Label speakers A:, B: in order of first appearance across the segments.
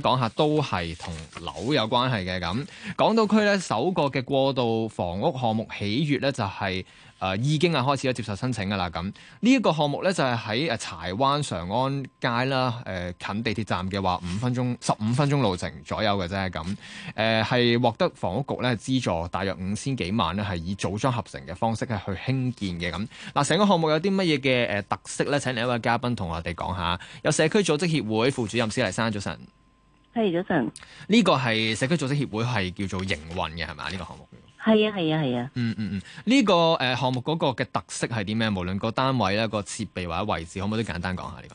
A: 講下都係同樓有關係嘅。咁港島區咧首個嘅過渡房屋項目喜越咧，就係誒已經係開始咧接受申請噶啦。咁呢一個項目咧就係喺誒柴灣常安街啦，誒、呃、近地鐵站嘅話五分鐘十五分鐘路程左右嘅啫。咁誒係獲得房屋局咧資助，大約五千幾萬咧係以組裝合成嘅方式咧去興建嘅。咁、呃、嗱，成個項目有啲乜嘢嘅誒特色咧？請另一位嘉賓同我哋講下。有社區組織協會副主任施麗珊早晨。
B: 係、hey, 早
A: 晨，呢個係社區組織協會係叫做營運嘅係咪？呢，這個項目係
B: 啊係啊係啊。嗯嗯
A: 嗯，呢、 這個誒項、呃、目嗰個嘅特色係啲咩？無論個單位咧，那個設備或者位置，可唔可以都簡單講下呢、這個？
B: 誒、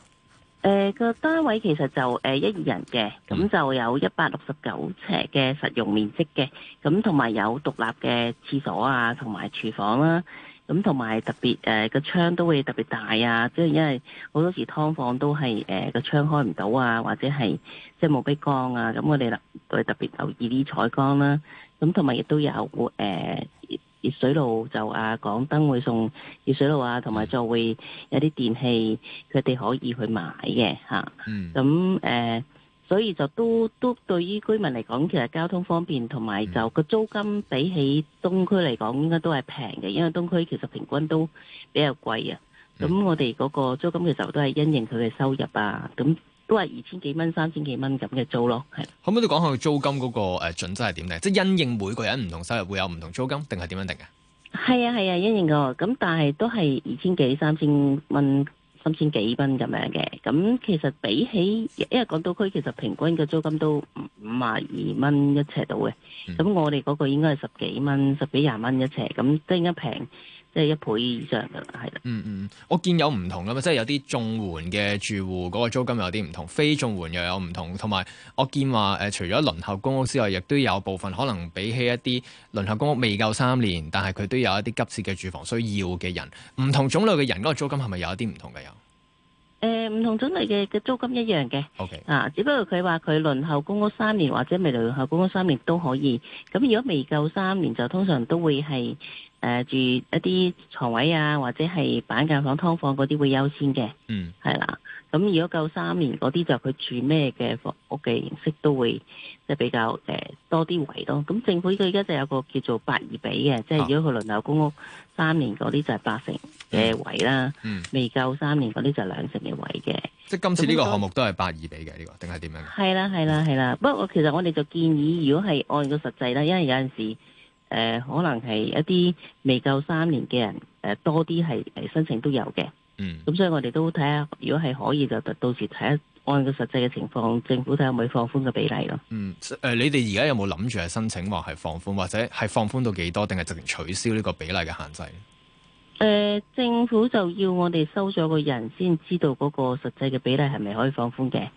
B: 呃，那個單位其實就誒一二人嘅，咁就有一百六十九尺嘅實用面積嘅，咁同埋有獨立嘅廁所啊，同埋廚房啦，啊。咁同埋特別誒個、呃、窗都會特別大啊！即係因為好多時劏房都係誒個窗開唔到啊，或者係即係冇逼光啊！咁我哋啦，我哋特別留意啲採光啦。咁同埋亦都有誒、呃、熱水爐，就啊港燈會送熱水爐啊，同埋就會有啲電器佢哋可以去買嘅嚇。啊、嗯。咁誒。呃所以就都都對於居民嚟講，其實交通方便，同埋就個租金比起東區嚟講，應該都係平嘅，因為東區其實平均都比較貴啊。咁、嗯、我哋嗰個租金其實都係因應佢嘅收入啊。咁都係二千幾蚊、三千幾蚊咁嘅
A: 租咯。係可唔可以講下租金嗰個誒準則係點定？即係因應每個人唔同收入會有唔同租金，定係點樣定啊？
B: 係啊係啊，因應㗎。咁但係都係二千幾、三千蚊。三千幾蚊咁樣嘅，咁其實比起，因為港島區其實平均嘅租金都五廿二蚊一尺到嘅，咁我哋嗰個應該係十幾蚊、十幾廿蚊一尺，咁即係一平。即係一倍以上嘅，係啦。
A: 嗯嗯，我見有唔同噶嘛，即係有啲綜援嘅住戶嗰個租金又有啲唔同，非綜援又有唔同。同埋我見話誒、呃，除咗輪候公屋之外，亦都有部分可能比起一啲輪候公屋未夠三年，但係佢都有一啲急切嘅住房需要嘅人，唔同種類嘅人嗰個租金係咪有一啲唔同嘅有？
B: 誒、呃，唔同種類嘅嘅租金一樣嘅。OK，啊，只不過佢話佢輪候公屋三年或者未來輪候公屋三年都可以。咁如果未夠三年，就通常都會係。誒、呃，住一啲床位啊，或者係板間房、劏房嗰啲會優先嘅。嗯，係啦。咁如果夠三年嗰啲就佢住咩嘅房屋嘅形式都會即係比較誒、呃、多啲位咯。咁政府依而家就有個叫做八二比嘅。啊、即係如果佢輪流公屋三年嗰啲就係八成嘅位啦。嗯、未夠三年嗰啲就兩成嘅位嘅。
A: 即係今次呢個項目都係八二比嘅呢個，定係點
B: 樣？係啦係啦係啦。不過其實我哋就建議，如果係按個實際啦，因為有陣時。誒、呃，可能係一啲未夠三年嘅人，誒、呃、多啲係誒申請都有嘅。嗯，咁所以我哋都睇下，如果係可以就到時睇下，按個實際嘅情況，政府睇下可唔可以放寬、嗯呃、個比例咯。嗯，
A: 誒，你哋而家有冇諗住係申請或係放寬，或者係放寬到幾多，定係直程取消呢個比例嘅限制？誒、
B: 呃，政府就要我哋收咗個人先知道嗰個實際嘅比例係咪可以放寬嘅。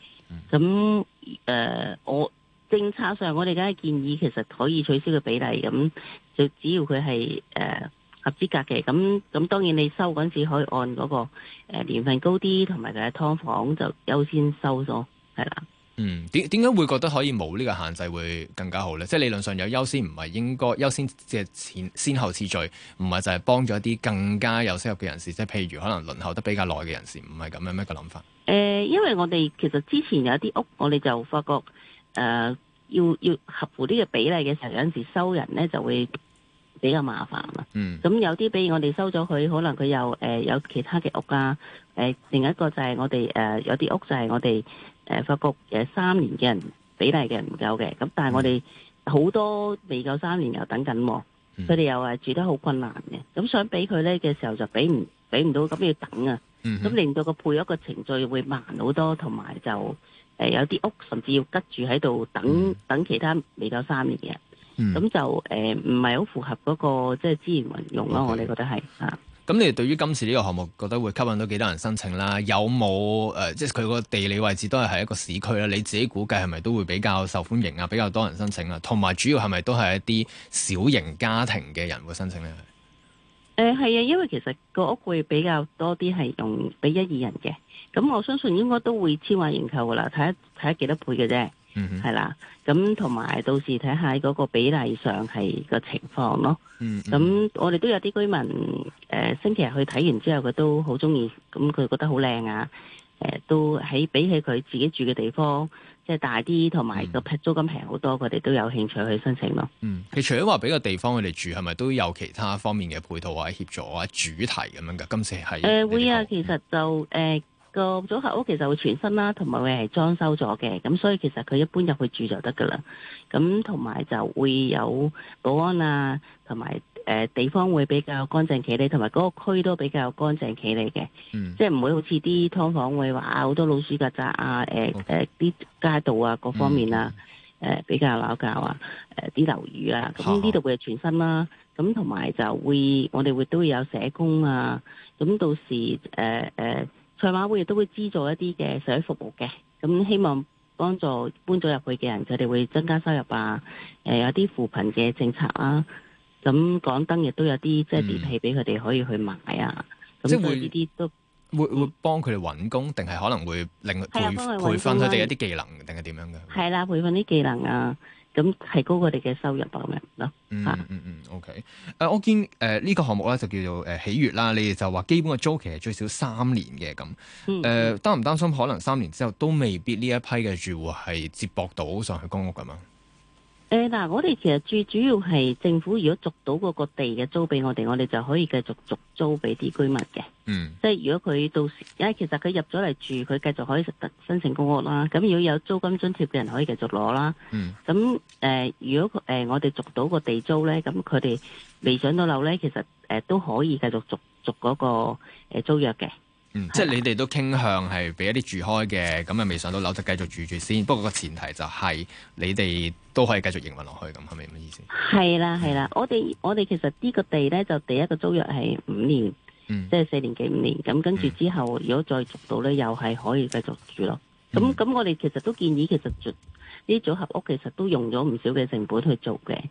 B: 咁誒、嗯呃，我。政策上，我哋而家建議其實可以取消嘅比例，咁就只要佢係誒合資格嘅，咁咁當然你收嗰陣時可以按嗰個、呃、年份高啲，同埋嘅劏房就優先收咗，係啦。嗯，點點解
A: 會覺得可以冇呢個限制會更加好咧？即係理論上有優先，唔係應該優先，即係前先後次序，唔係就係幫咗一啲更加有收入嘅人士，即係譬如可能輪候得比較耐嘅人士，唔係咁樣一個諗法。
B: 誒、呃，因為我哋其實之前有啲屋，我哋就發覺。誒、呃，要要合乎呢個比例嘅時候，有陣時收人咧就會比較麻煩啦。嗯。咁有啲，比如我哋收咗佢，可能佢又誒有其他嘅屋啊。誒、呃，另一個就係我哋誒、呃、有啲屋就係我哋誒發覺誒三年嘅人比例嘅人唔夠嘅。咁但係我哋好多未夠三年又等緊喎。佢哋、嗯、又係住得好困難嘅。咁想俾佢咧嘅時候就俾唔俾唔到，咁要等啊。嗯，哼嗯。咁令到個配屋個程序會慢好多，同埋就。誒、呃，有啲屋甚至要吉住喺度等、嗯、等其他未夠三年嘅，咁、嗯、就誒唔係好符合嗰、那個即係資源運用咯。我哋覺得係。吓，
A: 咁你哋對於今次呢個項目，覺得會吸引到幾多人申請啦？有冇誒、呃，即係佢個地理位置都係喺一個市區啦？你自己估計係咪都會比較受歡迎啊？比較多人申請啊，同埋主要係咪都係一啲小型家庭嘅人會申請咧？
B: 誒，係啊、呃，因為其實個屋會比較多啲係用俾一二人嘅，咁我相信應該都會超額認購噶啦，睇下睇下幾多倍嘅啫，係啦、mm，咁同埋到時睇下嗰個比例上係個情況咯。咁、mm hmm. 我哋都有啲居民，誒、呃、星期日去睇完之後佢都好中意，咁佢覺得好靚啊，誒、呃、都喺比起佢自己住嘅地方。即係大啲，同埋個租金平好多，佢哋、嗯、都有興趣去申請咯。嗯，你
A: 除咗話俾個地方佢哋住，係咪都有其他方面嘅配套啊、協助啊、主題咁樣嘅？今次係誒、呃、
B: 會啊，其實就誒個、呃、組合屋其實會全新啦，同埋會係裝修咗嘅，咁所以其實佢一般入去住就得㗎喇。咁同埋就會有保安啊，同埋。誒，地方會比較乾淨企理，同埋嗰個區都比較乾淨企理嘅，嗯、即係唔會好似啲劏房會話好、啊、多老鼠曱甴啊，誒誒 Okay.、呃，啲街道啊，各方面啊，誒、嗯呃，比較鬧交啊，誒、呃，啲樓宇啊，咁呢度會係全新啦、啊，咁同埋就會，我哋會都會有社工啊，咁到時誒誒，賽、呃呃、馬會亦都會資助一啲嘅社企服務嘅，咁希望幫助搬咗入去嘅人，佢哋會增加收入啊，誒、呃，有啲扶貧嘅政策啊。咁港燈亦都有啲即係電器俾佢哋可以去買啊，咁、嗯、這樣 即係呢啲都、嗯、會
A: 會幫佢哋搵工，定係可能會令、啊、培培訓佢哋一啲技能，定係點樣嘅？
B: 係啦、啊，培訓啲技能啊，咁提高佢哋嘅收入收入咯。嗯嗯、啊、
A: 嗯，OK。誒、呃，我見誒呢、呃這個項目咧就叫做誒、呃、喜越啦。你哋就話基本嘅租期係最少三年嘅咁，誒擔唔擔心可能三年之後都未必呢一批嘅住戶係接駁
B: 到上去公屋咁啊？誒，嗱、呃，我哋其實最主要係政府如果續到嗰個地嘅租俾我哋，我哋就可以繼續續租俾啲居民嘅。嗯，即係如果佢到時，因為其實佢入咗嚟住，佢繼續可以申請公屋啦。咁如果有租金津貼嘅人可以繼續攞啦。嗯，咁、呃、誒，如果誒、呃、我哋續到個地租咧，咁佢哋未上到樓咧，其實誒、呃、都可以繼續續續嗰個誒租約嘅。嗯，的
A: 即係你哋都傾向係俾一啲住開嘅，咁啊未上到樓就繼續住住先。不過個前提就係你哋都可以繼續營運落去，咁係咪咁嘅意思？
B: 係啦，係啦，我哋我哋其實呢個地咧就第一個租約係五年，即係四年幾五年。咁跟住之後，如果再續到咧，又係可以繼續住咯。咁咁、嗯、我哋其實都建議其實啲組合屋其實都用咗唔少嘅成本去做嘅，咁、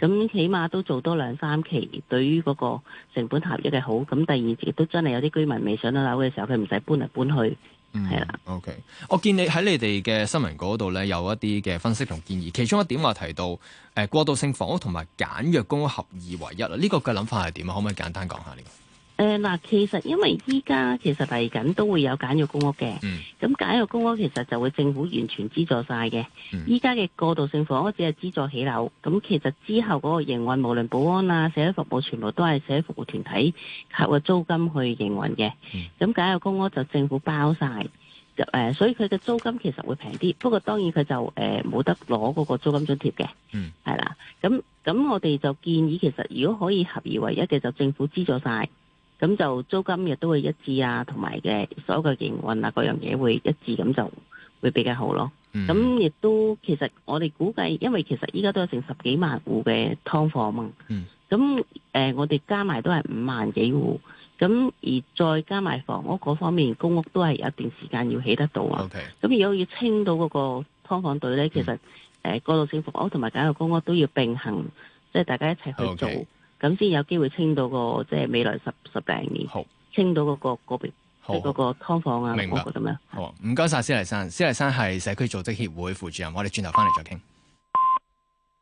B: 嗯、起碼都做多兩三期，對於嗰個成本效益嘅好。咁第二，亦都真係有啲居民未上到樓嘅時候，佢唔使搬嚟搬去，係啦、嗯。OK，
A: 我見你喺你哋嘅新聞稿度咧，有一啲嘅分析同建議。其中一點話提到，誒過渡性房屋同埋簡約公屋合二為一啦。
B: 呢、這個嘅諗法係點啊？可唔可以
A: 簡單講下呢個？
B: 誒，嗱、呃，其實因為依家其實嚟緊都會有簡約公屋嘅，咁、嗯、簡約公屋其實就會政府完全資助晒嘅。依家嘅過渡性房屋只係資助起樓，咁其實之後嗰個營運無論保安啊、社區服務，全部都係社區服務團體靠個租金去營運嘅。咁、嗯、簡約公屋就政府包晒，誒、呃，所以佢嘅租金其實會平啲。不過當然佢就誒冇、呃、得攞嗰個租金津貼嘅，係啦、嗯。咁咁我哋就建議，其實如果可以合而為一嘅，就政府資助晒。咁就租金亦都會一致啊，同埋嘅所有嘅營運啊，各樣嘢會一致，咁就會比較好咯。咁亦、嗯、都其實我哋估計，因為其實依家都有成十幾萬戶嘅劏房嘛、啊。咁誒、嗯呃、我哋加埋都係五萬幾戶。咁而再加埋房屋嗰方面，公屋都係有一段時間要起得到啊。咁 Okay. 如果要清到嗰個劏房隊咧，其實誒過渡性房屋同埋簡約公屋都要並行，即係大家一齊去做。Okay. 咁先有機會清到，嗰個即係未來十十零年，好清到嗰個嗰好劏房啊，嗰個咁樣。好、啊，
A: 唔該晒，施麗珊，施麗珊係社區組織協會副主任，我哋轉頭翻嚟再傾。